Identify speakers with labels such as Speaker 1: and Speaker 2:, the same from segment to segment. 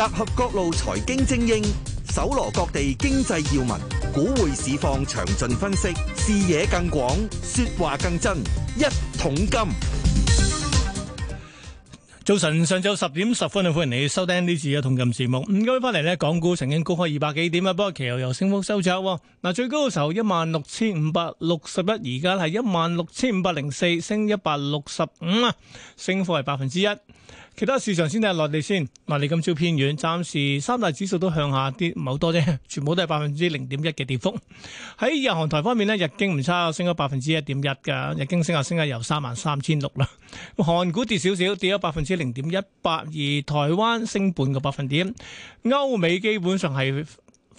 Speaker 1: 集合各路財經精英，搜羅各地經濟要聞，股匯市況詳盡分析，
Speaker 2: 視野更廣，說話更真。一桶金。早晨，上晝十點十分，歡迎你收聽呢次嘅《桶金》節目。唔該，翻嚟咧，港股曾經高開二百幾點啊，不過其後又升幅收窄。嗱，最高嘅時候一萬六千五百六十一，而家係一萬六千五百零四，升一百六十五啊，升幅係百分之一。其他市場先睇下內地先，內地今朝偏遠，暫時三大指數都向下跌，唔係好多啫，全部都係百分之零點一嘅跌幅。喺日韓台方面咧，日經唔差，升咗百分之一點一㗎，日經升下升下由三萬三千六啦。韓股跌少少，跌咗百分之零點一八二，而台灣升半個百分點，歐美基本上係。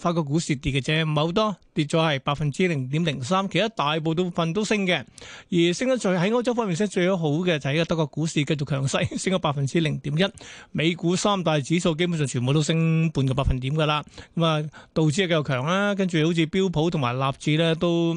Speaker 2: 法國股市跌嘅啫，唔係好多，跌咗係百分之零點零三，其他大部分都升嘅，而升得最喺歐洲方面升得最好嘅就係依個德國股市繼續強勢， 升咗百分之零點一，美股三大指數基本上全部都升半個百分點噶啦，咁啊道指又強啦，跟住，好似標普同埋納指咧都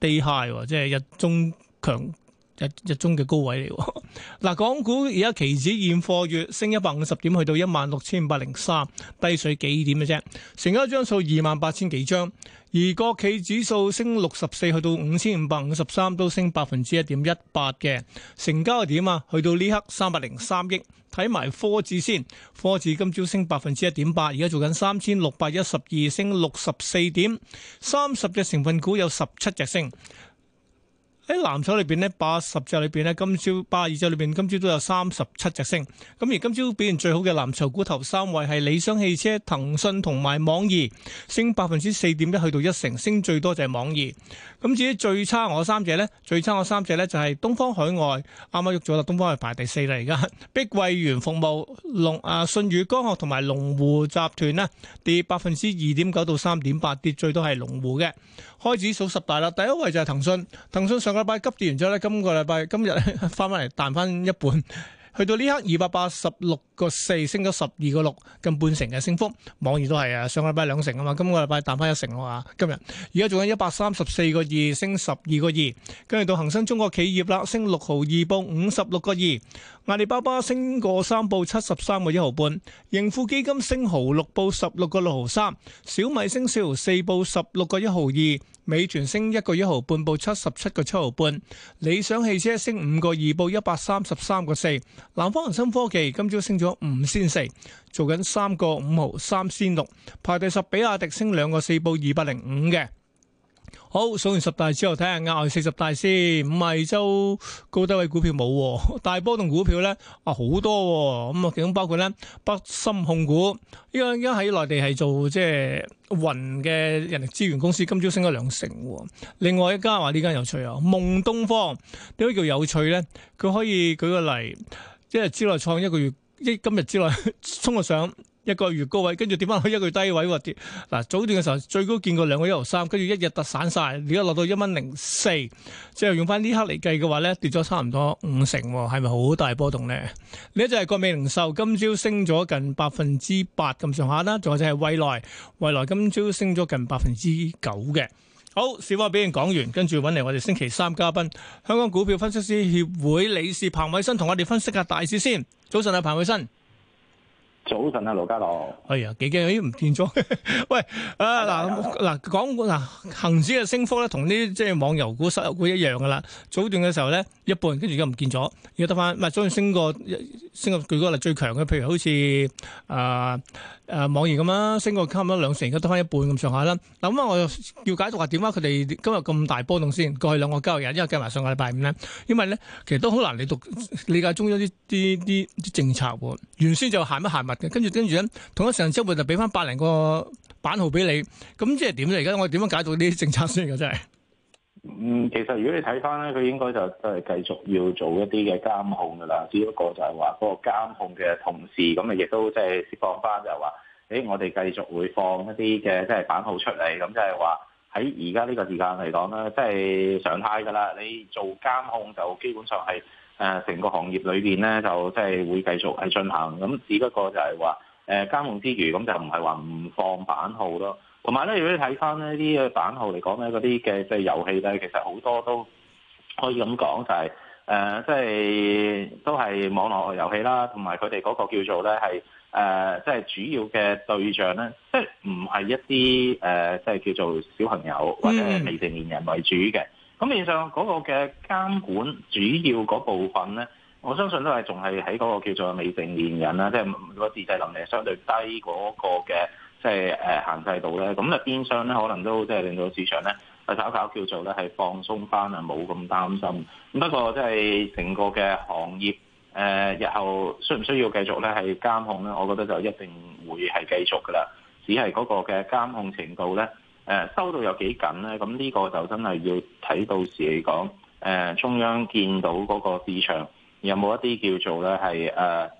Speaker 2: 低下喎，即係日中強。日日中嘅高位嚟，嗱，港股而家期指現貨月升一百五十點，去到一萬六千五百零三，低水幾點嘅啫？成交張數二萬八千幾張，而國企指數升六十四，去到五千五百五十三，都升百分之一點一八嘅，成交係點啊？去到呢刻三百零三億，睇埋科指先，科指今朝升百分之一點八，而家做緊三千六百一十二，升六十四點，三十隻成分股有十七隻升。喺藍籌裏邊呢，八十隻裏邊呢，今朝八二隻裏邊，今朝都有三十七隻升。咁而今朝表現最好嘅藍籌股頭三位係理想汽車、騰訊同埋網易，升百分之四點一，去到一成，升最多就係網易。咁至於最差我三隻咧，最差我三隻咧就係東方海外，啱啱喐咗啦，東方係排第四啦而家。碧桂園服務、龍啊信譽光學同埋龍湖集團咧，跌百分之二點九到三點八，跌最多係龍湖嘅。開始數十大啦，第一位就係騰訊，騰訊上個禮拜急跌完之後咧，今個禮拜今日咧翻翻嚟彈翻一半。去到呢刻二百八十六個四升咗十二個六，近半成嘅升幅，網易都係啊，上個禮拜兩成啊嘛，今個禮拜彈返一成咯啊，今日，而家仲有一百三十四個二升十二個二，跟住到恒生中國企業啦，升六毫二報五十六個二。阿里巴巴升過三步七十三個一毫半，盈富基金升毫六步十六個六毫三，小米升少四步十六個一毫二，美團升一個一毫半步七十七個七毫半，理想汽車升五個二步一百三十三個四，南方恒生科技今朝升咗五仙四，做緊三個五毫三仙六排第十，比亞迪升兩個四步二百零五嘅。好，數完十大之後，睇下額外四十大先。五十周高低位股票冇，大波動股票咧啊好多。咁啊，其中包括咧，北森控股，依家依家喺內地係做即係雲嘅人力資源公司，今朝升咗兩成，哦。另外一家話呢間有趣啊，夢東方點解叫有趣咧？佢可以舉個例，即係之內創一個月，一今日之內衝個上。一個月高位，跟住跌翻去一個月低位喎跌。嗱，早段嘅時候最高見過兩個一毫三，跟住一日突散曬，而家落到一蚊零四。即係用翻呢刻嚟計嘅話咧，跌咗差唔多五成喎，係咪好大波動咧？呢一隻係國美零售，今朝升咗近百分之八咁上下啦。仲有就係蔚來，蔚來今朝升咗近百分之九嘅。好，小話俾你講完，跟住揾嚟我哋星期三嘉賓，香港股票分析師協會理事彭偉新同我哋分析下大市先。早晨啊，彭偉新。早晨啊，羅家樂，哎呀，幾驚，已經唔見咗。 喂，啊嗱嗱，港嗱恒指嘅升幅咧，同啲即係網遊股、石油股一樣噶啦。早段嘅時候咧，一半，跟住而家唔見咗，而家得翻，唔係，最近升過，升過幾多力最強嘅，譬如好似啊。呃誒網易咁啦，升過差唔多兩成，而家得翻一半咁上下啦。咁啊，我又要解讀下點解佢哋今日咁大波動先，過去兩個交易日，因為計埋上個禮拜五咧，因為咧其實都好難理讀理解中央啲啲啲政策喎、哦。原先就限乜限物嘅，跟住跟住咧同一上週末就俾翻百零個版號俾你，咁即係點咧？而家我點樣解讀呢啲政策先嘅真係？
Speaker 3: 嗯，其實如果你睇翻咧，佢應該就都係繼續要做一啲嘅監控㗎啦。只不過就係話嗰個監控嘅同時，咁誒亦都即係釋放翻，就係話，誒我哋繼續會放一啲嘅即係版號出嚟。咁即係話喺而家呢個時間嚟講咧，即係上態㗎啦。你做監控就基本上係誒成個行業裏邊咧，就即係會繼續係進行。咁只不過就係話誒監控之餘，咁就唔係話唔放版號咯。同埋咧，如果你睇翻呢啲嘅版號嚟講咧，嗰啲嘅即係遊戲咧，其實好多都可以咁講，就係、是、誒，即、呃、係、就是、都係網絡遊戲啦，同埋佢哋嗰個叫做咧係誒，即係主要嘅對象咧，即係唔係一啲誒，即、就、係、是、叫做小朋友或者未成年人為主嘅。咁變相嗰個嘅監管主要嗰部分咧，我相信都係仲係喺嗰個叫做未成年人啦，即係嗰個自制能力相對低嗰個嘅。即係誒限制到咧，咁啊變相咧可能都即係令到市場咧就稍稍叫做咧係放鬆翻啊，冇咁擔心。咁不過即係成個嘅行業誒、呃，日後需唔需要繼續咧係監控咧？我覺得就一定會係繼續噶啦，只係嗰個嘅監控程度咧誒、呃，收到有幾緊咧？咁呢個就真係要睇到時嚟講誒，中央見到嗰個市場有冇一啲叫做咧係誒。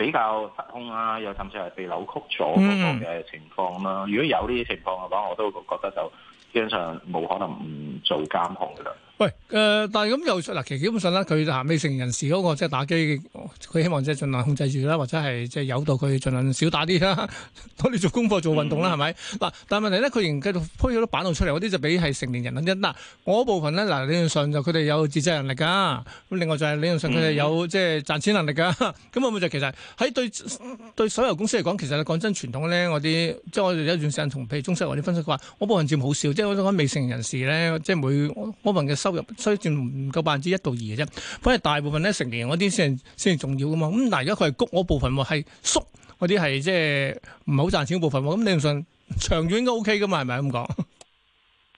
Speaker 3: 比較失控啊，又甚至係被扭曲咗嗰個嘅情況啦。如果有呢啲情況嘅話，我都覺得就基本上冇可能唔做監控噶啦。
Speaker 2: 喂，誒、呃，但係咁又嗱，其實基本上咧，佢未成人士嗰個即係打機，佢希望即係儘量控制住啦，或者係即係誘導佢儘量少打啲啦，多啲做功課、做運動啦，係咪、嗯？嗱，但係問題咧，佢仍繼續推咗啲版號出嚟，嗰啲就俾係成年人啦。嗱，我部分咧，嗱，理論上就佢哋有自制能力㗎，咁另外就係理論上佢哋有即係賺錢能力㗎，咁會唔會就其實喺對對手遊公司嚟講，其實講真傳統咧，我啲即係我哋有一段時間同譬如中西或者分析過話，我部分佔好少，即係我講未成人士咧，即係每我部分嘅收。雖然剩唔夠百分之一到二嘅啫，反而大部分咧成年嗰啲先係先係重要噶嘛。咁但係而家佢係谷嗰部分，係縮嗰啲係即係唔係好賺錢部分。咁你唔信？長遠都 OK 噶嘛？係咪咁講？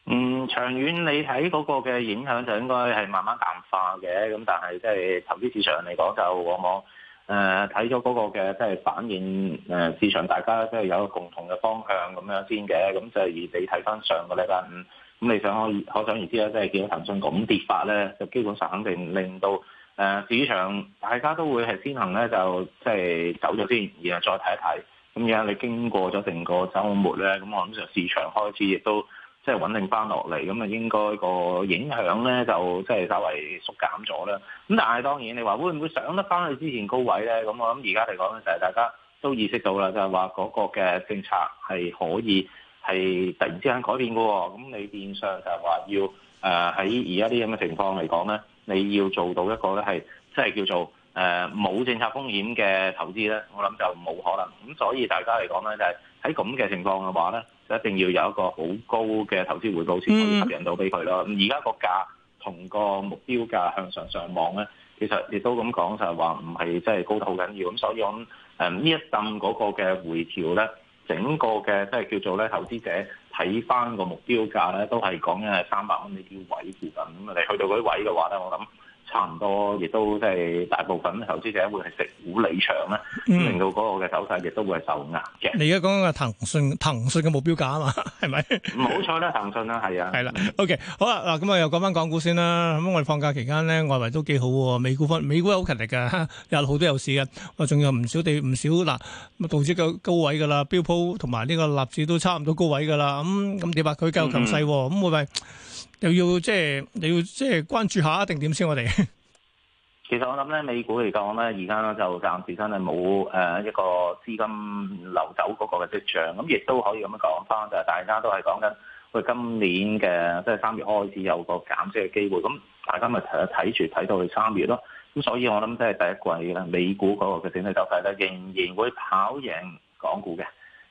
Speaker 3: 嗯，長遠你睇嗰個嘅影響就應該係慢慢淡化嘅。咁但係即係投資市場嚟講，就往往誒睇咗嗰個嘅即係反映誒、呃、市場大家即係有個共同嘅方向咁樣先嘅。咁就係以你睇翻上，上個禮拜五。咁、嗯、你想可可想而知啦，即係見到騰訊咁跌法咧，就基本上肯定令到誒、呃、市場大家都會係先行咧，就即係、就是、走咗先，然後再睇一睇。咁、嗯、而家你經過咗成個周末咧，咁、嗯、我諗就市場開始亦都即係穩定翻落嚟，咁、嗯、啊應該個影響咧就即係稍為縮減咗啦。咁、嗯、但係當然你話會唔會上得翻去之前高位咧？咁、嗯、我諗而家嚟講咧，就係大家都意識到啦，就係話嗰個嘅政策係可以。係突然之間改變㗎喎，咁你變相就係話要誒喺而家呢啲咁嘅情況嚟講咧，你要做到一個咧係即係叫做誒冇政策風險嘅投資咧，我諗就冇可能。咁所以大家嚟講咧，就係喺咁嘅情況嘅話咧，就一定要有一個好高嘅投資回報先可以吸引到俾佢咯。而家個價同個目標價向上上網咧，其實亦都咁講就係話唔係真係高得好緊要。咁所以我諗誒呢一陣嗰個嘅回調咧。整個嘅即係叫做咧，投資者睇翻個目標價咧，都係講緊係三百蚊呢啲位置。咁你去到嗰啲位嘅話咧，我諗。差唔多，亦都即係大部分投資者會係食糊離場啦，令到嗰個嘅走
Speaker 2: 勢亦都會係受壓嘅，嗯。你而家講緊個騰訊，騰訊嘅目標價啊嘛，係咪？
Speaker 3: 冇錯啦，騰訊啦，係啊，
Speaker 2: 係啦，啊。OK，好啦，嗱咁啊，又講翻港股先啦。咁我哋放假期間呢，外圍都幾好，美股分美股好勤力嘅，有好多有市嘅。仲有唔少地唔少嗱，道指都高位嘅啦，標普同埋呢個納指都差唔多高位嘅啦。咁咁點啊？佢繼續強勢咁，我，嗯，咪。嗯又要即係，你要即係關注下一定點先。我哋
Speaker 3: 其實我諗咧，美股嚟講咧，而家就暫時真係冇誒一個資金流走嗰個嘅跡象。咁亦都可以咁樣講翻，就係大家都係講緊，佢今年嘅即係三月開始有個減息嘅機會。咁大家咪睇睇住睇到去三月咯。咁所以我諗即係第一季啦，美股嗰個嘅整體走勢咧仍然會跑贏港股嘅。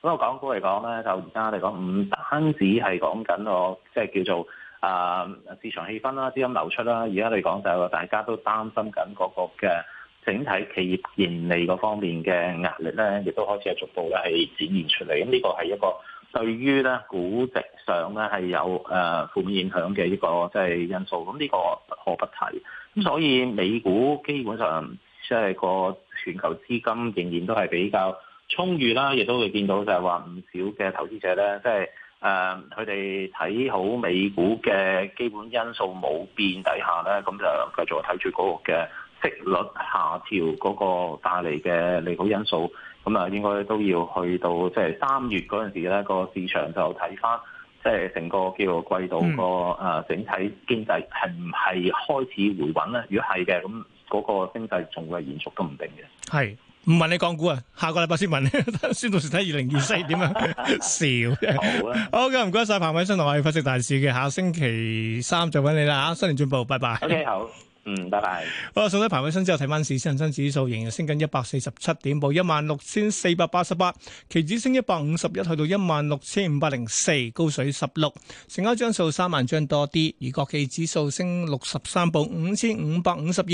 Speaker 3: 咁個港股嚟講咧，就而家嚟講唔單止係講緊我即係叫做。啊，市場氣氛啦、啊，資金流出啦、啊，而家嚟講就係大家都擔心緊各個嘅整體企業盈利嗰方面嘅壓力咧，亦都開始係逐步咧係展現出嚟。咁呢個係一個對於咧估值上咧係有誒、呃、負面影響嘅一個即係因素。咁、嗯、呢、這個不可不提。咁、嗯、所以美股基本上即係個全球資金仍然都係比較充裕啦、啊，亦都會見到就係話唔少嘅投資者咧，即係。誒，佢哋睇好美股嘅基本因素冇變底下咧，咁就繼續睇住嗰個嘅息率下調嗰個帶嚟嘅利好因素，咁啊應該都要去到即係三月嗰陣時咧，個市場就睇翻即係成個幾個季度個誒整體經濟係唔係開始回穩咧？如果係嘅，咁嗰個經濟仲會係延
Speaker 2: 續都唔定嘅。係。唔問你講股啊，下個禮拜先問你。 先到時睇二零二四點樣笑。 好啊，好嘅、okay，唔該晒彭偉新同我哋分析大事嘅，下星期三再揾你啦。吓，新年進步，拜拜。OK，好。嗯，拜拜。好啦，上低排位升之後，睇翻市，市，恒生指數仍然升緊一百四十七點，報一萬六千四百八十八，期指升一百五十一，去到一萬六千五百零四，高水十六，成交張數三萬張多啲。而國企指數升六十三，報五千五百五十二，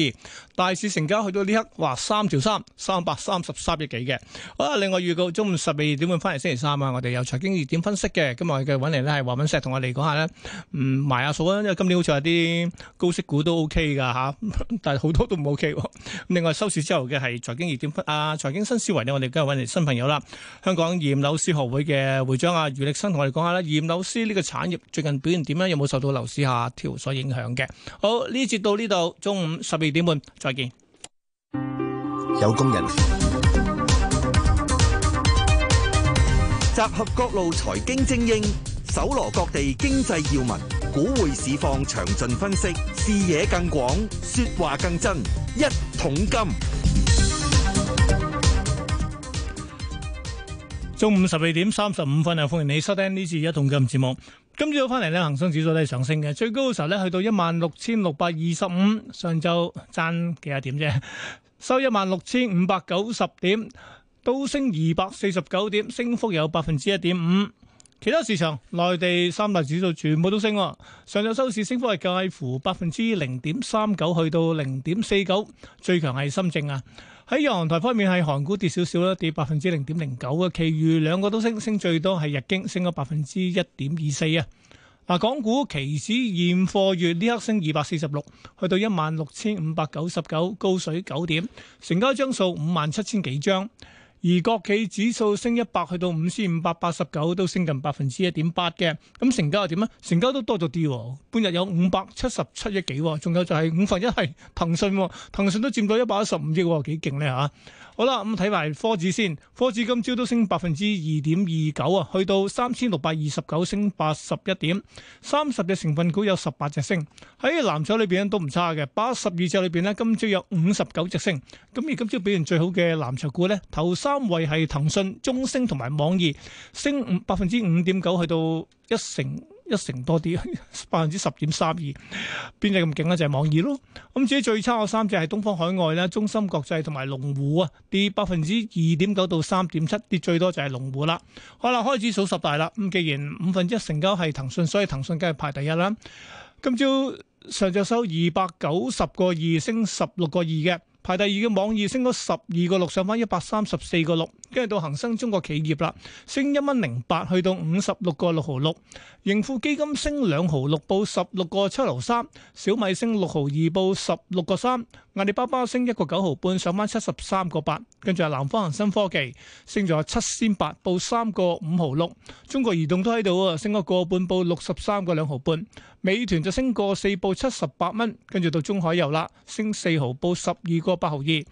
Speaker 2: 大市成交去到呢刻，哇，三條三，三百三十三億幾嘅。好啦，另外預告中午十二點半翻嚟星期三啊，我哋有財經熱點分析嘅，今日嘅揾嚟咧係黃敏石同我哋講下咧，嗯，埋下數啊，因為今年好似有啲高息股都 OK 噶。啊！但係好多都唔 OK 喎。咁另外收市之後嘅係財經熱點啊，財經新思維咧，我哋今日揾嚟新朋友啦。香港驗樓師學會嘅會長啊，余力生同我哋講下啦，驗樓師呢個產業最近表現點樣，有冇受到樓市下調所影響嘅？好，呢節到呢度，中午十二點半再見。有工人集
Speaker 1: 合各路財經精英，搜羅各地經濟要聞。股匯市況
Speaker 2: 詳盡分析。視野更廣，說話更真，一桶金，中午十二點三十五分啊，歡迎你收聽呢次一桶金節目。今朝翻嚟呢，恒生指數都係上升嘅，最高嘅時候咧去到一萬六千六百二十五，上晝差幾多點啫，收一萬六千五百九十點，都升二百四十九點，升幅有百分之一點五。其他市場，內地三大指數全部都升，上晝收市升幅係介乎百分之零點三九去到零點四九，最強係深證啊！喺亞太方面係韓股跌少少啦，跌百分之零點零九嘅，其餘兩個都升，升最多係日經，升咗百分之一點二四啊！嗱，港股期指現貨月呢刻升二百四十六，去到一萬六千五百九十九，高水九點，成交張數五萬七千幾張。而國企指數升一百去到五千五百八十九，都升近百分之一點八嘅。咁成交係點啊？成交都多咗啲喎，半日有五百七十七億幾喎，仲有就係五分一係騰訊喎，騰訊都佔到一百一十五億喎，幾勁咧吓！好啦，咁睇埋科指先，科指今朝都升百分之二點二九啊，去到三千六百二十九，升八十一點。三十隻成分股有十八隻升，喺藍籌裏邊都唔差嘅。八十二隻裏邊咧，今朝有五十九隻升，咁而今朝表現最好嘅藍籌股咧，頭三位係騰訊、中升同埋網易，升五百分之五點九，去到一成。一成多啲，百分之十點三二，邊隻咁勁咧？就係、是、網易咯。咁至於最差嘅三隻係東方海外啦，中心國際同埋龍湖啊，跌百分之二點九到三點七，跌最多就係龍湖啦。好啦，開始數十大啦。咁既然五分之一成交係騰訊，所以騰訊梗係排第一啦。今朝上晝收二百九十個二，升十六個二嘅。排第二嘅網易升咗十二個六，上返一百三十四個六，跟住到恒生中國企業啦，升一蚊零八，去到五十六個六毫六，盈富基金升兩毫六，報十六個七毫三，小米升六毫二，報十六個三。阿里巴巴升一個九毫半，上翻七十三個八，跟住係南方恒生科技升咗七千八，報三個五毫六。中國移動都喺度啊，升個個半，報六十三個兩毫半。美團就升個四，報七十八蚊，跟住到中海油啦，升四毫，報十二個八毫二。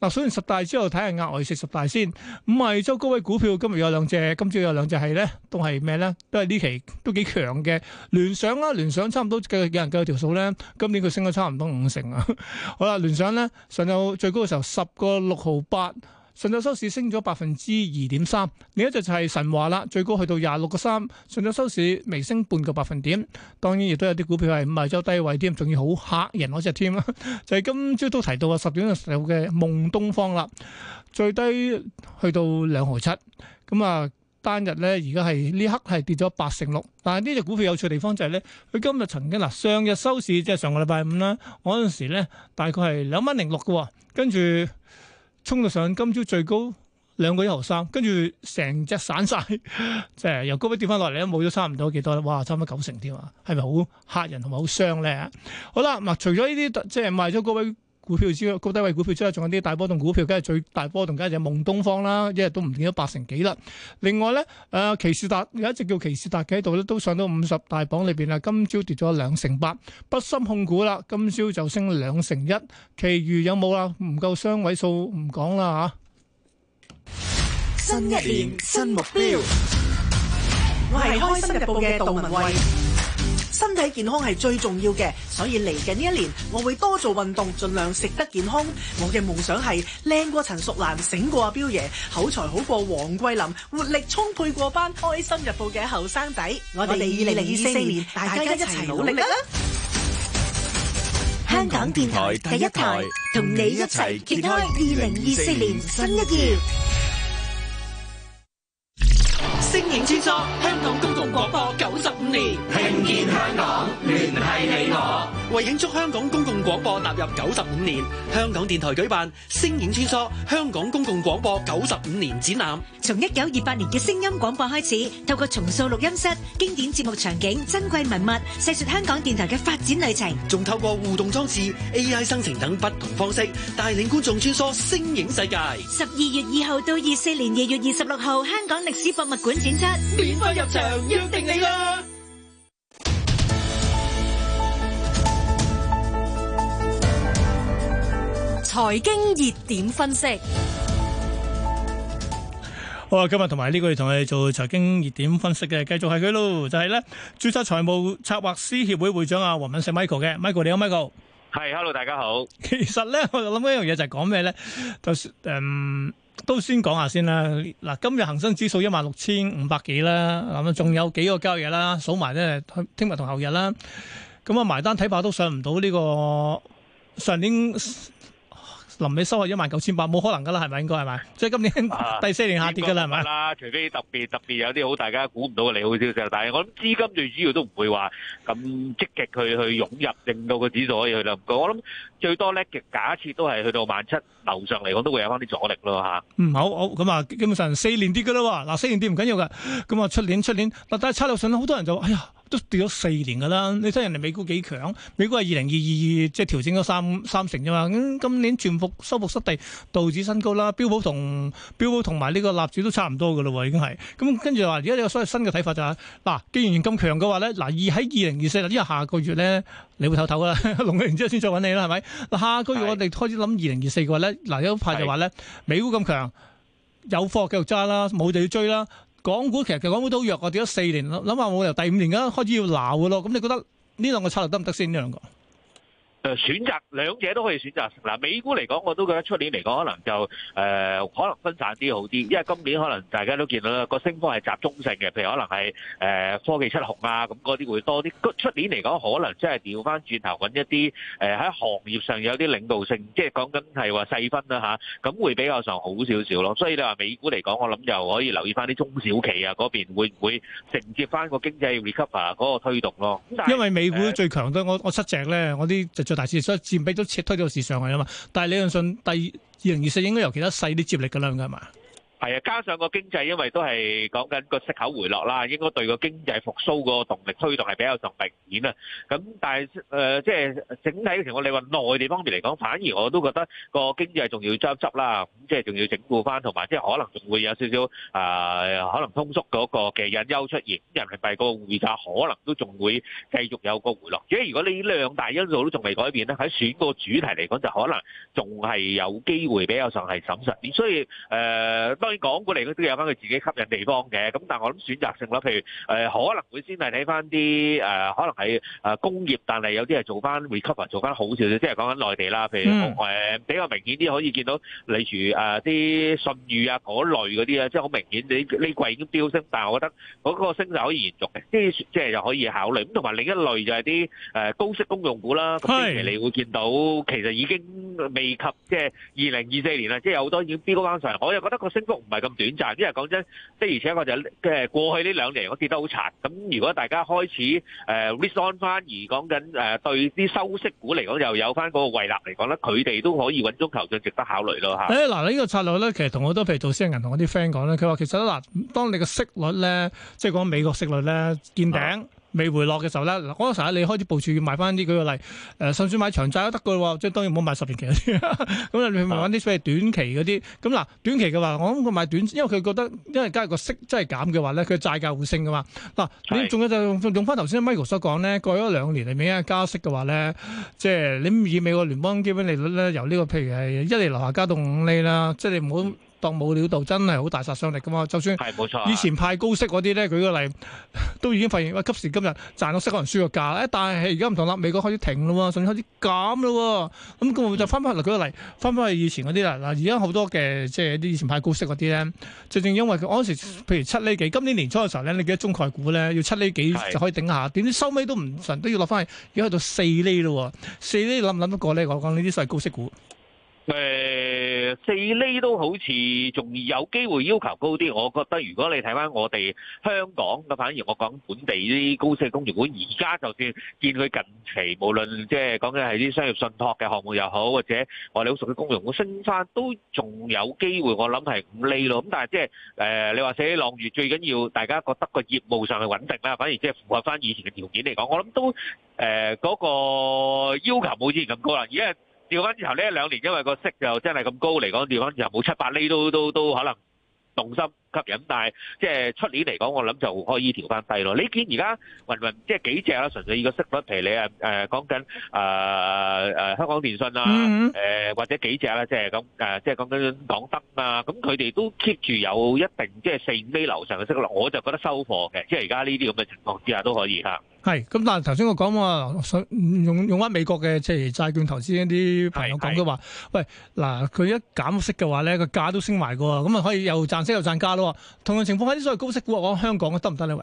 Speaker 2: 嗱，數完十大之後睇下額外食十大先，五十周高位股票今日有兩隻，今朝有兩隻係咧，都係咩咧？都係呢期都幾強嘅，聯想啦、啊，聯想差唔多計計人計條數咧，今年佢升咗差唔多五成啊！ 好啦，聯想咧，上晝最高嘅時候十個六毫八。上晝收市升咗百分之二點三，另一隻就係神華啦，最高去到廿六個三，上晝收市微升半個百分點。當然亦都有啲股票係唔係咗低位添，仲要好嚇人嗰隻添啦。就係、是、今朝都提到啊，十點嘅時候嘅夢東方啦，最低去到兩毫七，咁啊單日咧而家係呢刻係跌咗八成六。但係呢隻股票有趣嘅地方就係、是、咧，佢今日曾經嗱上日收市即係上個禮拜五啦，嗰陣時咧大概係兩蚊零六嘅，跟住，衝到上今朝最高兩個一毫三，跟住成隻散晒，即 係由高位跌翻落嚟都冇咗差唔多幾多啦，哇差唔多九成添啊，係咪好嚇人同埋好傷咧？好啦，嗱除咗呢啲，即係賣咗嗰位。股票之外，高低位股票之外，仲有啲大波動股票，梗係最大波動，梗係就係夢東方啦，一日都唔見咗八成幾啦。另外咧，誒，奇士達有一隻叫奇士達喺度咧，都上到五十大榜裏邊啦。今朝跌咗兩成八，北森控股啦，今朝就升兩成一。其餘有冇啦？唔夠雙位數，唔講啦吓。新一年新目標，我係《開新日報》嘅杜文慧。身體健康係最重要
Speaker 1: 嘅，所以嚟緊呢一年我會多做運動，盡量食得健康。我嘅夢想係靚過陳淑蘭，醒過阿彪爺，口才好過黃桂林，活力充沛過班
Speaker 3: 開心日報嘅後生仔。我哋二零二四年，大家一齊努力啦！
Speaker 2: 香港電台第一台，同你一齊揭開二零二四年新一頁。星影穿梭，香港公共廣播九十。五年聽見香港，聯繫
Speaker 1: 你我，為慶祝香港公共廣播踏入九十五年，香港電台舉辦《聲影
Speaker 2: 穿梭香港公共廣播九十五年展覽》，從一九二八年嘅聲音廣播開始，透過重塑錄音室、經典節目場景、珍貴文物，細說香港電台嘅發展旅程，仲透過互動裝置、AI 生成等不同方式，帶領觀眾穿梭聲影世界。十二月二號到二四年二月二十六號，香港歷史博物館展出，免費入場，約定你啦！財經熱點分析，好啊！今日同埋呢個月同你做財經熱點分析嘅，繼續係佢咯，就係、是、咧注冊財務策劃師協會會長阿、啊、黃敏石 Michael 嘅，Michael 你好，Michael，係，Hello，大家好。其實咧，我諗一樣嘢就係講咩咧，就誒、呃，都先講下先啦。嗱，今日恒生指數一萬六千五百幾啦，咁啊，仲有幾個交易日啦，數埋咧，聽日同後日啦，咁、嗯、啊，埋單睇怕都上唔到呢個上年。臨尾收落一萬九千八，冇可能噶啦，係咪應該係咪？即係今年第四年下跌噶啦，係咪？啦，
Speaker 1: 除非特別特別有啲好、大家估唔到嘅利好消息。但係我諗資金最主要都唔會話咁積極去去湧入，令到個指數可以去到咁高。我諗最多咧，嘅假設都係去到萬七樓上嚟講，都會有翻啲阻力咯吓。嗯，好
Speaker 2: 好咁啊基本上四年跌噶啦。嗱，四年跌唔緊要噶，咁啊出年出年嗱，但係策略上好多人就哎呀。都跌咗四年噶啦！你睇人哋美股幾強？美股係二零二二二，即係調整咗三三成啫嘛。咁、嗯、今年全復收復失地，道指新高啦，標普同標普同埋呢個納指都差唔多噶啦，已經係。咁跟住話，而家有所謂新嘅睇法就係、是、嗱、啊，既然咁強嘅話咧，嗱二喺二零二四啦，因為下個月咧你會唞唞啦， 龍尾然之後先再揾你啦，係咪？嗱下個月我哋開始諗二零二四嘅話咧，嗱、啊、有一派就話咧，是美股咁強，有貨繼續揸啦，冇就要追啦。港股其實其實港股都弱啊，跌咗四年啦，諗下我由第五年啦開始要鬧噶咯，咁你覺得呢兩個策略得唔得先呢兩個？
Speaker 1: 誒選擇兩者都可以選擇。嗱，美股嚟講，我都覺得出年嚟講，可能就誒、呃、可能分散啲好啲，因為今年可能大家都見到啦，個升幅係集中性嘅，譬如可能係誒、呃、科技七雄啊，咁嗰啲會多啲。出年嚟講，可能真係調翻轉頭揾一啲誒喺行業上有啲領導性，即係講緊係話細分啦吓，咁、啊、會比較上好少少咯。所以你話美股嚟講，我諗就可以留意翻啲中小企啊嗰邊會唔會承接翻個經濟 recover 嗰個推動咯？
Speaker 2: 因為美股最強都，我我七隻咧，我啲大市所以佔比都撤退到市上去啊嘛，但係理論上第二零二四應該由其他細啲接力㗎啦，係嘛。
Speaker 1: 係啊，加上個經濟，因為都係講緊個息口回落啦，應該對個經濟復甦個動力推動係比較上明顯啊。咁但係誒，即、呃、係整體嘅情況，你話內地方面嚟講，反而我都覺得個經濟係仲要執執啦。咁即係仲要整固翻，同埋即係可能仲會有少少啊、呃，可能通縮嗰個嘅隱憂出現。人民幣個匯價可能都仲會繼續有個回落。因為如果你呢兩大因素都仲未改變咧，喺選個主題嚟講，就可能仲係有機會比較上係審慎。所以誒，呃講過嚟，佢都有翻佢自己吸引地方嘅。咁但係我諗選擇性啦，譬如誒、呃，可能會先係睇翻啲誒，可能係誒工業，但係有啲係做翻 recover，做翻好少少，即係講緊內地啦。譬如誒、呃，比較明顯啲可以見到，例如誒啲、呃、信譽啊嗰類嗰啲啊，即係好明顯，你呢季已經飆升，但係我覺得嗰個升就可以延續嘅，呢即係又可以考慮。咁同埋另一類就係啲誒高息公用股啦，咁譬如你會見到其實已經。未及即係二零二四年啦，即係有好多已經 build up 上，我又覺得個升幅唔係咁短暫，因為講真，即係而且我就即係過去呢兩年，我跌得好殘。咁如果大家開始誒、呃、respond 翻而講緊誒對啲收息股嚟講，又有翻嗰個胃納嚟講咧，佢哋都可以穩中求進，就值得考慮咯嚇。誒嗱、哎，
Speaker 2: 呢、這個策略咧，其實同好多譬如做私人銀行嗰啲 friend 講咧，佢話其實嗱，當你個息率咧，即係講美國息率咧見頂。啊未回落嘅時候咧，嗰個時候你開始部署買翻啲舉個例，誒、呃、甚至買長債都得㗎喎，即係當然唔好買十年期嗰啲，咁你咪揾啲譬如短期嗰啲，咁嗱短期嘅話，我諗佢買短，因為佢覺得因為而家個息真係減嘅話咧，佢債價會升㗎嘛。嗱、嗯，是你仲有就用翻頭先 Michael 所講咧，過咗兩年嚟，每一下加息嘅話咧，即係你以美國聯邦基本利率咧，由呢、這個譬如係一釐樓下加到五釐啦，即係你唔好。嗯當冇料到，真係好大殺傷力噶嘛！就算係冇錯，以前派高息嗰啲咧，舉個例，都已經發現喂、哎，今時今日賺到息可能輸個價咧、哎。但係而家唔同啦，美國開始停嘞喎，甚至開始減嘞喎。咁佢會唔會就翻返嚟？舉個例，翻返去以前嗰啲啦。嗱，而家好多嘅即係啲以前派高息嗰啲咧，正正因為佢嗰時，譬如七厘幾，今年年初嘅時候咧，你記得中概股咧要七厘幾就可以頂下，點是知收尾都唔順，都要落翻去，而家到四厘嘞喎，四厘諗唔諗得過呢？我講呢啲係高息股。
Speaker 1: 誒，四厘都好似仲有機會要求高啲。我覺得如果你睇翻我哋香港嘅，反而我講本地啲高息工業股，而家就算見佢近期無論即係講緊係啲商業信託嘅項目又好，或者我哋好熟嘅工業股升翻，都仲有機會。我諗係五厘咯。咁但係即係誒，你話寫啲浪月，最緊要大家覺得個業務上面穩定啦。反而即係符合翻以前嘅條件嚟講，我諗都誒嗰個要求冇之前咁高啦。而家。調翻之後呢一兩年，因為個息就真係咁高嚟講，調翻之後冇七八厘都都都可能動心，吸引，但係即係出年嚟講，我諗就可以調翻低咯。你見而家雲雲即係幾隻啦？純粹以個息率譬如你係誒、呃、講緊誒誒、呃、香港電信啦，誒、呃、或者幾隻啦，即係咁誒，即係講緊港燈啊。咁佢哋都 keep 住有一定即係四五厘樓上嘅息率，我就覺得收貨嘅。即係而家呢啲咁嘅情況之下都可以嚇。
Speaker 2: 係咁，但係頭先我講用用翻美國嘅即係債券投資啲朋友講嘅話，喂嗱，佢一減息嘅話咧，個價都升埋㗎喎，咁啊可以又賺息又賺價咯。同樣情況，喺啲所謂高息股，我香港得唔得呢？喂。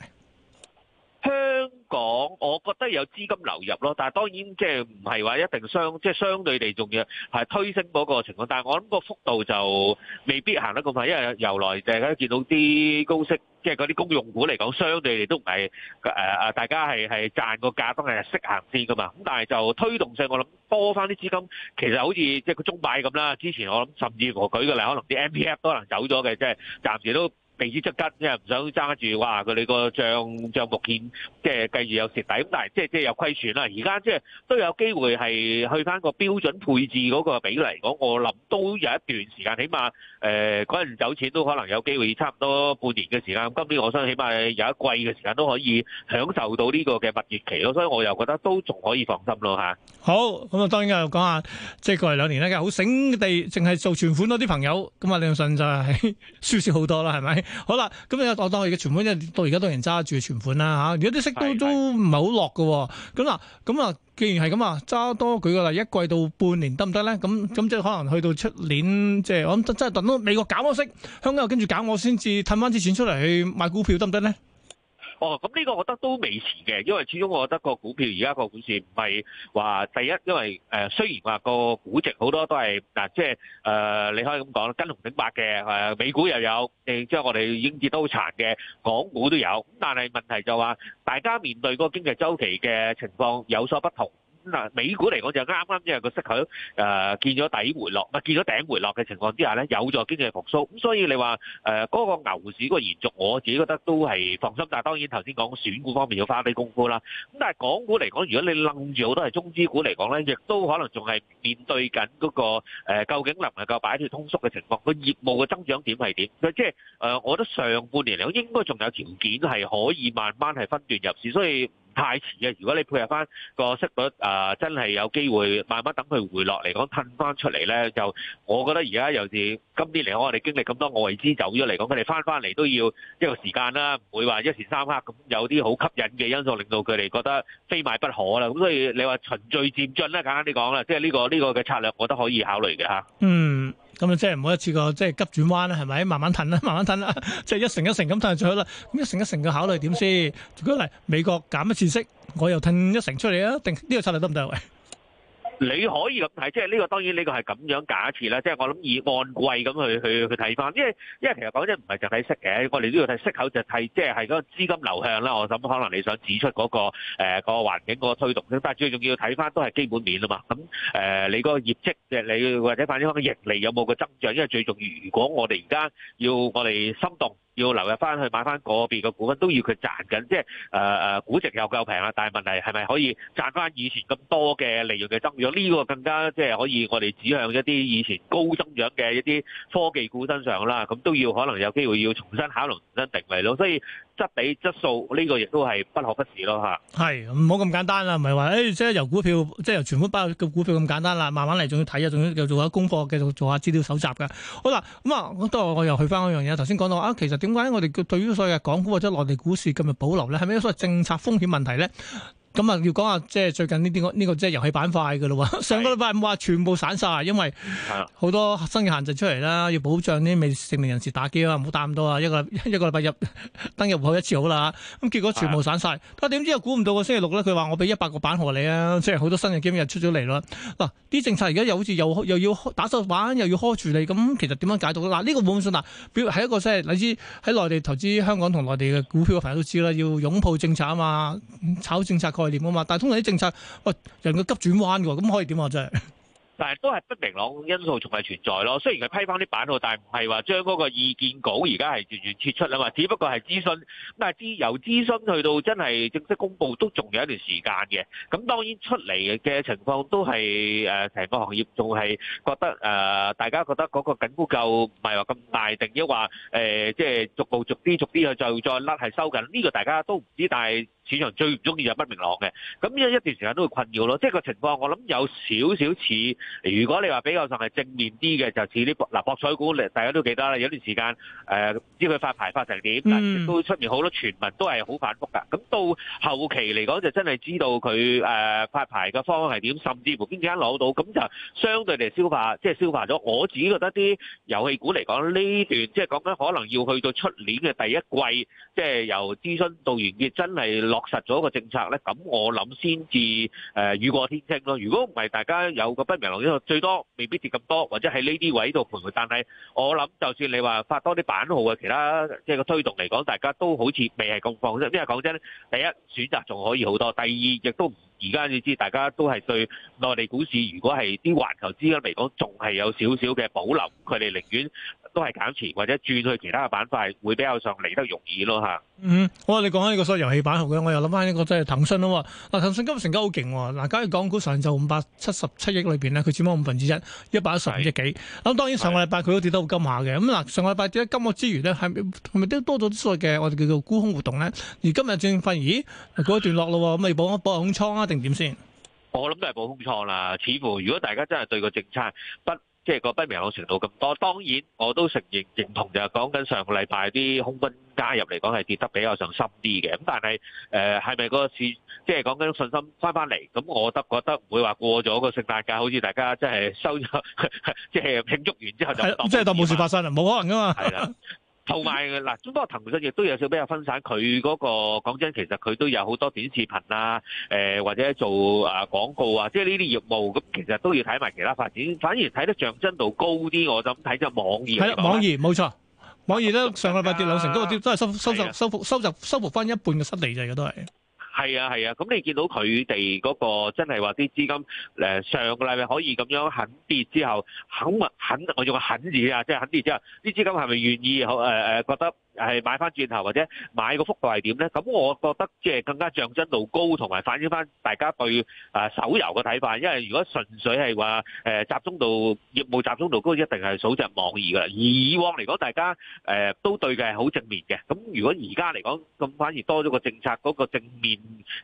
Speaker 1: 講，我覺得有資金流入咯，但係當然即係唔係話一定相，即係相對地仲要係推升嗰個情況。但係我諗個幅度就未必行得咁快，因為由來就係大家見到啲高息，即係嗰啲公用股嚟講，相對嚟都唔係誒誒，大家係係賺個價，當然係適行先㗎嘛。咁但係就推動性，我諗多返啲資金，其實好似即係個鐘擺咁啦。之前我諗，甚至乎舉個例，可能啲 MPF 都可能走咗嘅，即係暫時都。未止出吉，即係唔想揸住話佢哋個帳帳目欠，即係繼續有蝕底。咁但係即係即係有虧損啦。而家即係都有機會係去翻個標準配置嗰個比例嚟講，我諗都有一段時間，起碼。誒，嗰陣走錢都可能有機會，差唔多半年嘅時間。咁今年我相起碼有一季嘅時間都可以享受到呢個嘅蜜月期咯。所以我又覺得都仲可以放心咯
Speaker 2: 吓，好，咁、嗯、啊當然又講下，即係過嚟兩年咧好醒地，淨係做存款嗰啲朋友，咁啊李永信就係舒適好多啦，係咪？好啦，咁啊我當我而家存款到而家當然揸住存款啦嚇，而家啲息都都唔係好落嘅喎。咁嗱，咁啊。既然係咁啊，揸多佢噶啦，一季到半年得唔得呢？咁、嗯、即係可能去到出年，即係我諗真真係等咯，美國減咗息，香港又跟住搞，我先至褪翻啲錢出嚟買股票得唔得呢？行
Speaker 1: 哦，咁呢個我覺得都未遲嘅，因為始終我覺得個股票而家個股市唔係話第一，因為誒、呃、雖然話個估值好多都係嗱，即係誒你可以咁講啦，跟紅頂白嘅誒、呃，美股又有誒，即、呃、係、就是、我哋英治都好殘嘅，港股都有，咁但係問題就話、是、大家面對個經濟周期嘅情況有所不同。嗱，美股嚟講就啱啱即係個息口誒見咗底回落，咪見咗頂回落嘅情況之下咧，有助經濟復甦。咁所以你話誒嗰個牛市個延續，我自己覺得都係放心。但係當然頭先講選股方面要花啲功夫啦。咁但係港股嚟講，如果你楞住好多係中資股嚟講咧，亦都可能仲係面對緊嗰個誒究竟能唔能夠擺脱通縮嘅情況，個業務嘅增長點係點？即係誒，我覺得上半年嚟講應該仲有條件係可以慢慢係分段入市，所以。太遲嘅。如果你配合翻個息率，誒真係有機會慢慢等佢回落嚟講，吞翻出嚟咧，就我覺得而家又是今啲嚟，我哋經歷咁多外資走咗嚟講，佢哋翻翻嚟都要一個時間啦，唔會話一時三刻咁有啲好吸引嘅因素令到佢哋覺得非買不可啦。咁所以你話循序漸進啦，簡單啲講啦，即係呢個呢個嘅策略，我覺得可以考慮嘅嚇。嗯。
Speaker 2: 咁啊，即係唔好一次過，即係急轉彎啦，係咪？慢慢褪啦，慢慢褪啦，即係一成一成咁褪就最好啦。咁一成一成嘅考慮點先？如果嚟美國減一次息，我又褪一成出嚟啊？定、這、呢個策略得唔得喂？
Speaker 1: 你可以咁睇，即係呢個當然呢個係咁樣假設啦，即係我諗以按季咁去去去睇翻，因為因為其實講真唔係淨係睇息嘅，我哋都要睇息口就係即係係嗰個資金流向啦。我諗可能你想指出嗰、那個誒、呃那個環境嗰個推動性，但係最重要睇翻都係基本面啊嘛。咁誒、呃、你嗰個業績即係你或者反正嗰個盈利有冇個增長，因為最重要如果我哋而家要我哋心動。要流入翻去買翻嗰邊嘅股份，都要佢賺緊，即係誒誒估值又夠平啦。但係問題係咪可以賺翻以前咁多嘅利潤嘅增長？呢、這個更加即係可以我哋指向一啲以前高增長嘅一啲科技股身上啦。咁都要可能有機會要重新考慮，重新定位咯。所以質比質素呢、這個亦都係不可忽視咯吓，
Speaker 2: 係唔好咁簡單啦，唔係話誒即係由股票，即係由全部包嘅股票咁簡單啦。慢慢嚟，仲要睇啊，仲要又做下功課，繼續做下資料搜集㗎。好啦，咁、嗯、啊，我都我又去翻嗰樣嘢啦。頭先講到啊，其實。點解我哋叫對於所謂港股或者內地股市咁嘅保留咧？係咪因為所謂政策風險問題咧？咁啊，要講下即係最近呢啲呢個即係遊戲板塊嘅咯。 上個禮拜五好話全部散晒，因為好多新嘅限制出嚟啦，要保障啲未成年人士打機啊，唔好打咁多啊。一個禮一個禮拜入登入戶口一次好啦。咁結果全部散晒，的但係點知又估唔到個星期六咧，佢話我俾一百個版號你啊，即係好多新嘅機會又出咗嚟啦。嗱，啲政策而家又好似又又要打手板，又要 hold 住你，咁其實點樣解讀嗱，呢、這個本信順。嗱，表係一個即係，你知喺內地投資香港同內地嘅股票嘅朋友都知啦，要擁抱政策啊嘛，炒政策。概念啊嘛，但係通常啲政策喂人個急轉彎喎，咁可以點啊？真係，
Speaker 1: 但係都係不明朗因素仲係存在咯。雖然佢批翻啲版喎，但係唔係話將嗰個意見稿而家係完全撤出啊嘛。只不過係諮詢，咁啊，由諮詢去到真係正式公佈都仲有一段時間嘅。咁當然出嚟嘅情況都係誒成個行業仲係覺得誒、呃，大家覺得嗰個緊箍咒唔係話咁大，定抑話誒，即係逐步逐啲逐啲去再再甩係收緊。呢、這個大家都唔知，但係。市場最唔中意就不明朗嘅，咁呢一段時間都會困擾咯。即係個情況，我諗有少少似。如果你話比較上係正面啲嘅，就似啲嗱博彩股，你大家都記得啦。有段時間誒、呃，知佢發牌發成點，但都出、嗯、面好多傳聞都係好反覆㗎。咁到後期嚟講，就真係知道佢誒、呃、發牌嘅方案係點，甚至乎邊幾間攞到，咁就相對嚟消化，即係消化咗。我自己覺得啲遊戲股嚟講，呢段即係講緊可能要去到出年嘅第一季，即、就、係、是、由諮詢到完結，真係。落實咗個政策咧，咁我諗先至誒雨過天青咯。如果唔係，大家有個不明朗喺度，最多未必跌咁多，或者喺呢啲位度徘徊。但係我諗，就算你話發多啲版號嘅其他，即係個推動嚟講，大家都好似未係咁放心。因為講真，第一選擇仲可以好多，第二亦都。唔。而家你知大家都係對內地股市，如果係啲環球資金嚟講，仲係有少少嘅保留，佢哋寧願都係減持或者轉去其他嘅板塊，會比較上嚟得容易咯嚇。 嗯，
Speaker 2: 好啊、哦！你講開呢個所謂遊戲版號嘅，我又諗翻呢個真係騰訊啊！嗱、嗯，騰訊今日成交好勁喎！嗱、嗯，假如港股上晝五百七十七億裏邊咧，佢佔咗五分之一，一百一十五億幾。咁當然上個禮拜佢都跌得好金下嘅。咁、嗯、嗱、嗯，上個禮拜跌得金嘅之餘咧，係咪都多咗啲所謂嘅我哋叫做沽空活動咧？而今日正反而嗰段落咯，咁咪補一補空倉啊？點先？我諗都
Speaker 1: 係冇空倉啦。似乎如果大家真係對個政策，不即係個不明朗程度咁多，當然我都承認認同，就係講緊上個禮拜啲空軍，加入嚟講係跌得比較上深啲嘅。咁但係誒係咪嗰個市，即係講緊信心翻翻嚟？咁我覺得覺得唔會話過咗個聖誕假，好似大家真係收咗， 即係慶祝完之後就 即係
Speaker 2: 當冇事發生啊！冇可能噶嘛。
Speaker 1: 同埋嗱，咁多騰訊亦都有少少比較分散，佢嗰、嗰個講真，其實佢都有好多短視頻啊，誒、呃、或者做啊、呃、廣告啊，即係呢啲業務，咁其實都要睇埋其他發展。反而睇得像真度高啲，我就咁睇就網
Speaker 2: 易。係啊對，吧網易冇錯，網易咧上個禮拜跌兩成都的，都都係收收集收復收集收復返一半嘅失利，地㗎，都係。
Speaker 1: 係啊係啊，咁你見到佢哋嗰個真係話啲資金誒、呃、上個禮拜可以咁樣狠跌之後，肯物肯我用個「狠」字啊，即係狠跌之後，啲資金係咪願意誒誒、呃呃、覺得？係買翻轉頭或者買個幅度係點呢？咁我覺得即係更加象徵度高，同埋反映翻大家對誒手遊嘅睇法。因為如果純粹係話誒集中度業務集中度高，一定係數隻網易噶啦。以往嚟講，大家誒都對嘅係好正面嘅。咁如果而家嚟講，咁反而多咗個政策嗰個正面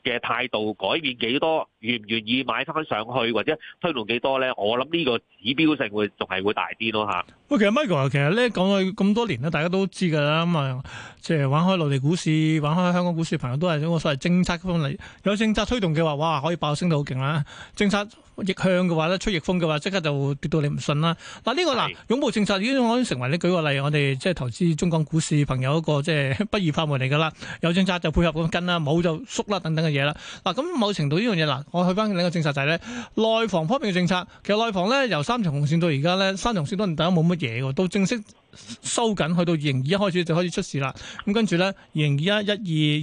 Speaker 1: 嘅態度改變幾多？願唔願意買翻上去或者推動幾多呢？我諗呢個指標性會仲係會大啲咯嚇。其實
Speaker 2: Michael 其實咧講咗咁多年咧，大家都知㗎啦。咁、嗯、啊，即係玩開內地股市、玩開香港股市嘅朋友都係，呢個所謂政策方面有政策推動嘅話，哇，可以爆升到好勁啦。政策。逆向嘅話咧，出逆風嘅話，即刻就跌到你唔信啦。嗱、這個，呢個嗱，擁抱、啊、政策已經可以成為你舉個例，我哋即係投資中港股市朋友一個即係、就是、不二法門嚟噶啦。有政策就配合咁跟啦，冇就縮啦，等等嘅嘢啦。嗱、啊，咁、嗯、某程度呢樣嘢嗱，我去翻另一個政策就係、是、咧，內房方面嘅政策，其實內房咧由三重紅線到而家咧，三重線都唔等，冇乜嘢嘅，都正式。收緊去到二零二一開始就開始出事啦，咁跟住咧二零二一、一二、啊、二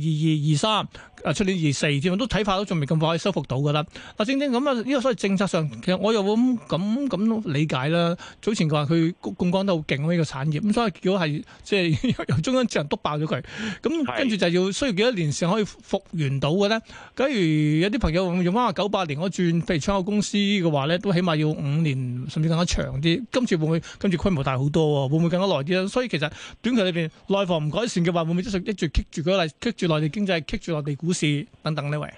Speaker 2: 二、二三，啊出年二四添，都睇法都仲未咁快收復到噶啦。嗱，正正咁啊，呢個所謂政策上其實我又會咁咁理解啦。早前話佢槓桿得好勁咁呢個產業，咁所以如果係即係由中央只人督爆咗佢，咁跟住就要需要幾多年先可以復原到嘅咧？假如有啲朋友話用翻九八年我轉譬如窗口公司嘅話咧，都起碼要五年甚至更加長啲。今次會唔會跟住規模大好多？會唔會更加？多啲，所以其實短期裏邊內房唔改善嘅話，會唔會即係一住棘住嗰嚟，棘住內地經濟、棘住內地股市等等呢？位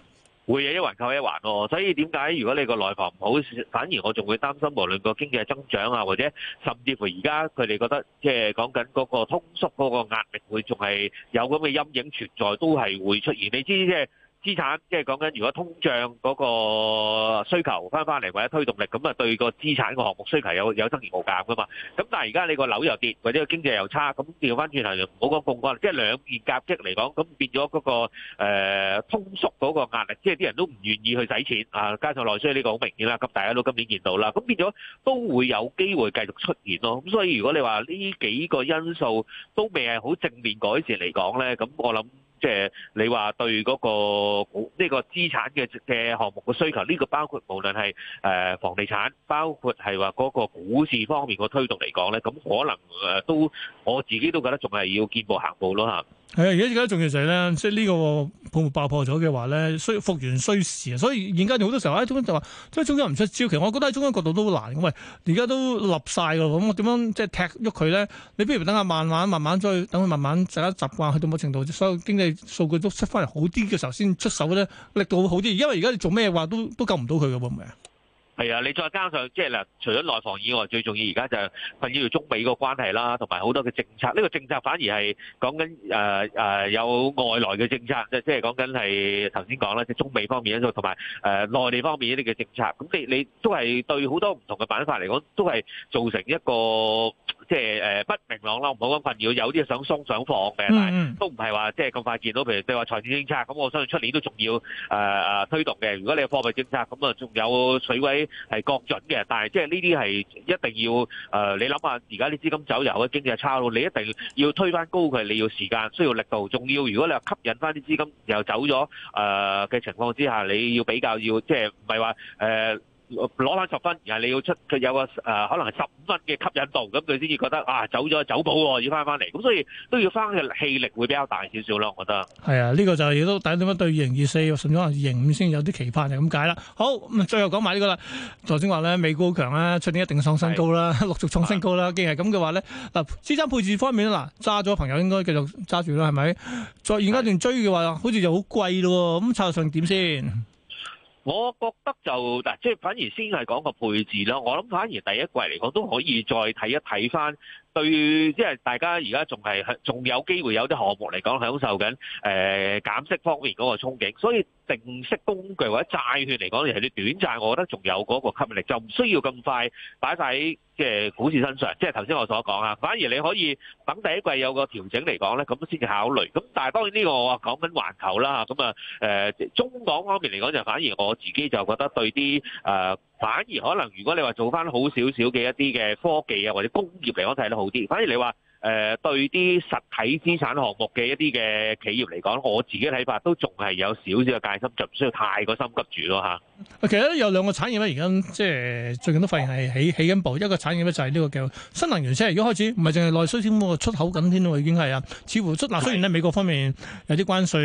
Speaker 1: 會有一環扣一環咯、啊。所以點解如果你個內房唔好，反而我仲會擔心，無論個經濟增長啊，或者甚至乎而家佢哋覺得即係講緊嗰個通縮嗰個壓力，會仲係有咁嘅陰影存在，都係會出現。你知即係。資產即係講緊，如果通脹嗰個需求翻翻嚟或者推動力，咁啊對個資產個項目需求有有增而無減噶嘛。咁但係而家你個樓又跌，或者個經濟又差，咁調翻轉頭唔好講槓桿，即係兩面夾擊嚟講，咁變咗嗰個呃、通縮嗰個壓力，即係啲人都唔願意去使錢啊。加上內需呢個好明顯啦，咁大家都今年見到啦，咁變咗都會有機會繼續出現咯。咁所以如果你話呢幾個因素都未係好正面改善嚟講咧，咁我諗。即係你話對嗰個股呢個資產嘅嘅項目嘅需求，呢個包括無論係誒房地產，包括係話嗰個股市方面嘅推動嚟講咧，咁可能誒都我自己都覺得仲係要見步行步咯嚇。
Speaker 2: 係而家而家仲要就係咧，即係呢個泡沫爆破咗嘅話咧，需復原需時啊。所以而家仲好多時候，唉、哎，中央就話即係中央唔出招。其實我覺得喺中央角度都好難。喂，而家都立晒咯，咁我點樣即係踢喐佢咧？你不如等下慢慢慢慢再等佢慢慢大家習慣去到某程度，所有經濟數據都出翻嚟好啲嘅時候，先出手咧，力度會好啲。因為而家你做咩話都都救唔到佢嘅，會唔會啊。
Speaker 1: 係啊，你再加上即係嗱，除咗內房以外，最重要而家就係、是、要中美個關係啦，同埋好多嘅政策。呢、這個政策反而係講緊誒誒有外來嘅政策，即係即係講緊係頭先講啦，即係中美方面嗰度，同埋誒內地方面呢啲嘅政策。咁你你都係對好多唔同嘅辦法嚟講，都係造成一個。即係誒不明朗咯，唔好咁困擾，有啲想鬆想放嘅，但係都唔係話即係咁快見到。譬如你話財政政策咁，我相信出年都仲要誒誒、呃、推動嘅。如果你有貨幣政策咁啊，仲有水位係降準嘅。但係即係呢啲係一定要誒、呃，你諗下而家啲資金走遊嘅經濟差咯，你一定要推返高佢，你要時間，需要力度，仲要如果你話吸引返啲資金又走咗誒嘅情況之下，你要比較要即係唔係話誒。呃攞攞翻十分，然後你要出佢有個誒、呃，可能係十分嘅吸引度，咁佢先至覺得啊，走咗走寶喎，要翻翻嚟。咁、嗯、所以都要翻嘅氣力會比較大少少咯，我覺得。
Speaker 2: 係啊，呢、這個就亦、是、都等等乜對二零二四甚至可能二零五先有啲期盼，就咁解啦。好，最後講埋呢個啦。頭先話咧，美股強啦，出年一定嘅創新高啦，陸的續創新高啦。的既然係咁嘅話咧，嗱，資產配置方面啦，揸咗朋友應該繼續揸住啦，係咪？再而家段追嘅話，好似又好貴咯，咁拆上點先？
Speaker 1: 我覺得就嗱，即係反而先係講個配置啦。我諗反而第一季嚟講，都可以再睇一睇翻。對，即係大家而家仲係仲有機會有啲項目嚟講享受緊誒減息方面嗰個憧憬，所以定息工具或者債券嚟講，尤其是短債，我覺得仲有嗰個吸引力，就唔需要咁快擺晒喺即係股市身上。即係頭先我所講啊，反而你可以等第一季有個調整嚟講咧，咁先考慮。咁但係當然呢個我講緊環球啦，咁啊誒、呃、中港方面嚟講就反而我自己就覺得對啲誒。呃反而可能，如果你話做翻好少少嘅一啲嘅科技啊，或者工業嚟講，睇得好啲，反而你話。誒、呃、對啲實體資產項目嘅一啲嘅企業嚟講，我自己睇法都仲係有少少嘅戒心，就唔需要太過心急住咯嚇。
Speaker 2: 啊、其實有兩個產業咧，而家即係最近都發現係起起緊步。一個產業咧就係呢、呢個叫新能源車，而家開始唔係淨係內需先，出口緊添喎，已經係啊。似乎嗱是雖然咧美國方面有啲關稅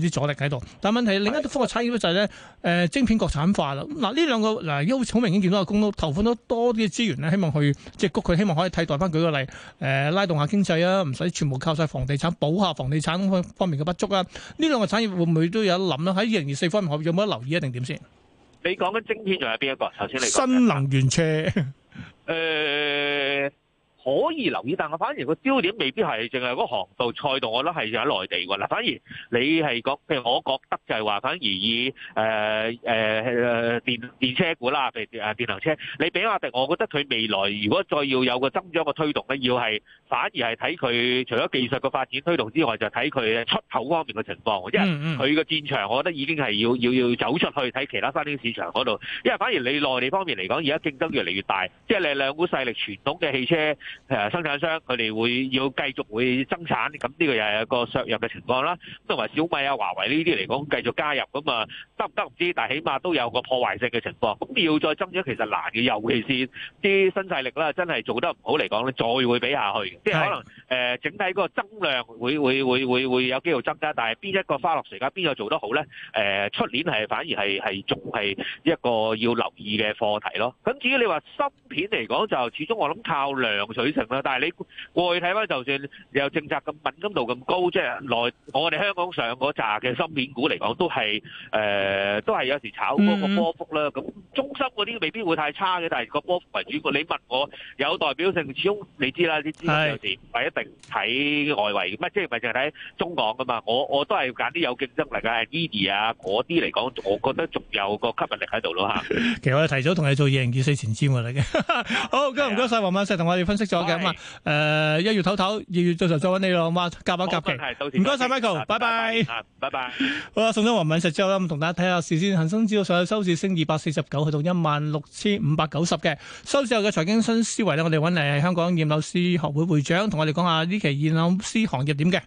Speaker 2: 啲阻力喺度，但問題另一個科技產業咧就係咧誒晶片國產化啦。嗱、啊、呢兩個嗱、啊、好明顯見到個公屋投款咗多啲資源咧，希望去即係谷佢，希望可以替代翻。舉個例誒拉。動下經濟啊，唔使全部靠晒房地產，補下房地產方面嘅不足啊。呢兩個產業會唔會都有諗啦？喺二零二四方面學有冇得留意一定點先？
Speaker 1: 你講緊晶片仲有邊一個？首先你新能源車誒、 呃。可以留意，但係我反而個焦點未必係淨係嗰個航道、賽道，我覺得係喺內地喎。嗱，反而你係講，譬如我覺得就係話，反而以誒誒誒電電車股啦，譬如誒、啊、電動車，你比亞迪。我覺得佢未來如果再要有個增長嘅推動咧，要係反而係睇佢除咗技術嘅發展推動之外，就睇佢出口方面嘅情況。因為佢個戰場，我覺得已經係要要要走出去睇其他翻啲市場嗰度。因為反而你內地方面嚟講，而家競爭越嚟越大，即係你兩股勢力傳統嘅汽車。係生產商佢哋會要繼續會增產，咁呢個又係一個削弱嘅情況啦。同埋小米啊、華為呢啲嚟講，繼續加入咁啊，得唔得唔知，但係起碼都有個破壞性嘅情況。咁你要再增長其實難嘅，尤其是啲新勢力啦，真係做得唔好嚟講咧，再會比下去。是即係可能誒，整體嗰個增量會會會會會有機會增加，但係邊一個花落誰家，邊個做得好咧？誒，出年係反而係係仲係一個要留意嘅課題咯。咁至於你話芯片嚟講，就始終我諗靠量上。旅程啦，但係你過去睇翻，就算有政策咁敏感度咁高，即係嚟我哋香港上嗰扎嘅芯片股嚟講，都係誒，都係有時炒嗰個波幅啦。咁中芯嗰啲未必會太差嘅，但係個波幅為主。你問我有代表性，始終你知啦，啲資料有時唔係一定睇外圍，唔係即係唔係淨係睇中港噶嘛。我我都係揀啲有競爭力嘅，係 Eddie 啊嗰啲嚟講，我覺得仲有個吸引力喺度咯嚇。
Speaker 2: 其實我哋提早同你做二零二四前瞻嚟嘅。好，唔該曬黃萬石，同我哋分析咗。講嘅誒一月唞唞，二月到時再揾你咯，咁啊夾一夾期，唔該晒 Michael，拜拜，拜拜， 好啦，送咗黃敏石之後啦，咁同大家睇下，事先恒生指數上日收市升二百四十九，去到一萬六千五百九十嘅，收市後嘅財經新思維咧，我哋揾嚟係香港驗樓師學會會長，同我哋講下呢期驗樓師行業點嘅。